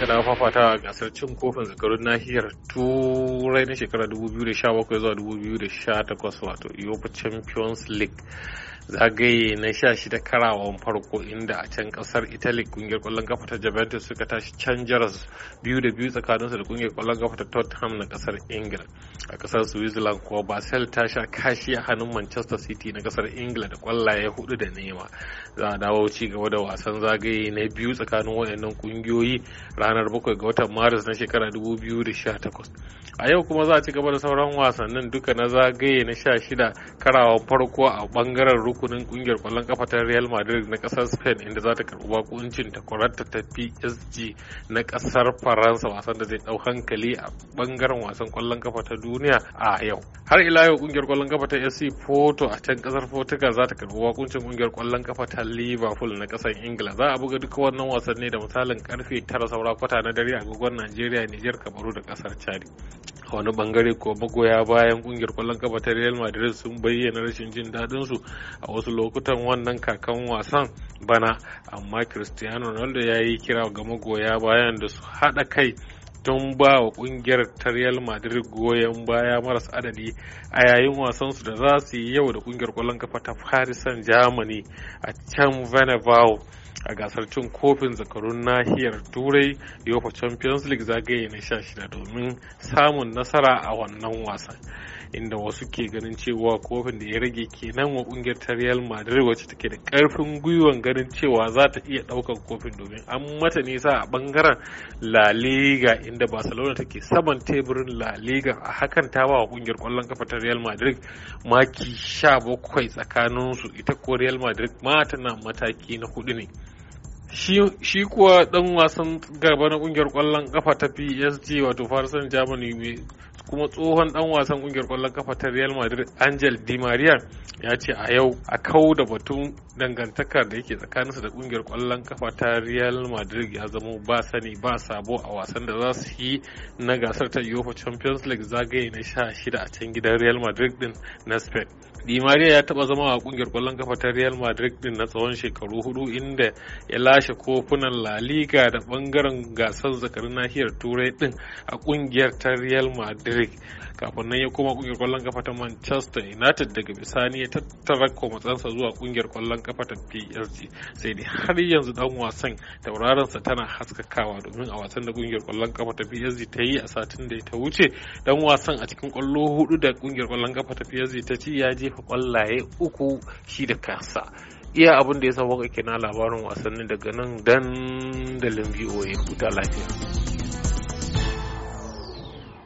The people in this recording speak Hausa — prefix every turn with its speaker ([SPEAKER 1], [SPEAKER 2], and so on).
[SPEAKER 1] kana fafata a gasar cin kofin zakarun nahiyar turai na shekarar 2017 zuwa 2018 wato europa champions league zagaye na sha shida karawan farko inda a can kasar italy kungiyar kwallon kafa ta juventus suka tashi can jaras biyu da biyu tsakaninsu da kungiyar kwallon kafa ta tottenham na kasar ingila a kasar switzerland kuwa basel ta sha kashi a hannun manchester city na kasar ingila da kwallaye hudu da nema za a dawo ci gaba da wasan zagaye na biyu tsakanin wayannan kungiyoyi ranar bakwai ga watan maris na shekara 2018 a yau kuma za a ci gaba da sauran wasannin duka na zagaye na sha shida karawan farko a bangaren rukunin kungiyar kwallon kafa ta Real Madrid na kasar Spain inda za ta karbi wakuncin ta kwararta ta PSG na kasar Faransa wasan da zai dau hankali a bangaren wasan kwallon kafa ta duniya a yau. Har ila yau kungiyar kwallon kafa ta SC Porto a can kasar Portugal za ta karbi wakuncin kungiyar kwallon kafa ta Liverpool na kasar Ingila. Za a buga duka wannan wasanni da misalin karfe 9 saura kwata na dare a gogon Najeriya, Niger, Kamaru da kasar Chad. a wani bangare ko magoya bayan kungiyar kwallon kafa ta Real Madrid sun bayyana rashin jin daɗin su a wasu lokutan wannan kakan wasan bana amma cristiano ronaldo ya yi kira ga magoya bayan da su haɗa kai don ba wa kungiyar ta Real Madrid goyon baya maras adadi a yayin wasansu da za su yi yau da kungiyar kwallon kafa ta Paris saint a can venevao a gasar cin kofin zakarun nahiyar Turai UEFA Champions League zagaye na 16 domin samun nasara a wannan wasan. inda wasu ke ganin cewa kofin da ya rage kenan wa kungiyar ta Real Madrid wacce take da karfin gwiwan ganin cewa za ta iya daukar kofin domin an mata nisa a bangaren La Liga inda Barcelona take saman teburin La Liga a hakan ta ba wa kungiyar kwallon kafa ta Real Madrid maki 17 tsakanin su ita ko Real Madrid ma tana mataki na hudu ne shi kuwa dan wasan gaba na ƙungiyar kwallon kafa ta PSG wato faransan Germany mai kuma tsohon dan wasan kungiyar kwallon kafa ta Real Madrid Angel Di Maria ya ce a yau a kau da batun dangantakar da yake tsakaninsa da kungiyar kwallon kafa ta Real Madrid ya zama ba sani ba sabo a wasan da za su yi na gasar ta UEFA Champions League zagaye na 16 a can gidan Real Madrid din na Spain Di Maria ya taba zama a kungiyar kwallon kafa ta Real Madrid din na tsawon shekaru hudu inda ya lashe kofunan La Liga da bangaren gasar zakarun nahiyar Turai din a kungiyar ta Real Madrid. Kafin nan ya koma kungiyar kwallon kafa ta Manchester United daga bisani ya tattara komatsansa zuwa kungiyar kwallon kafa ta PSG. Sai dai har yanzu dan wasan sa tana haskakawa domin a wasan da kungiyar kwallon kafa ta PSG ta yi a satin da ta wuce dan wasan a cikin kwallo hudu da kungiyar kwallon kafa ta PSG ta ci ya je jefa kwallaye uku shi da kansa iya abin da ya sa waka na labarin wasannin daga nan dandalin voa huta lafiya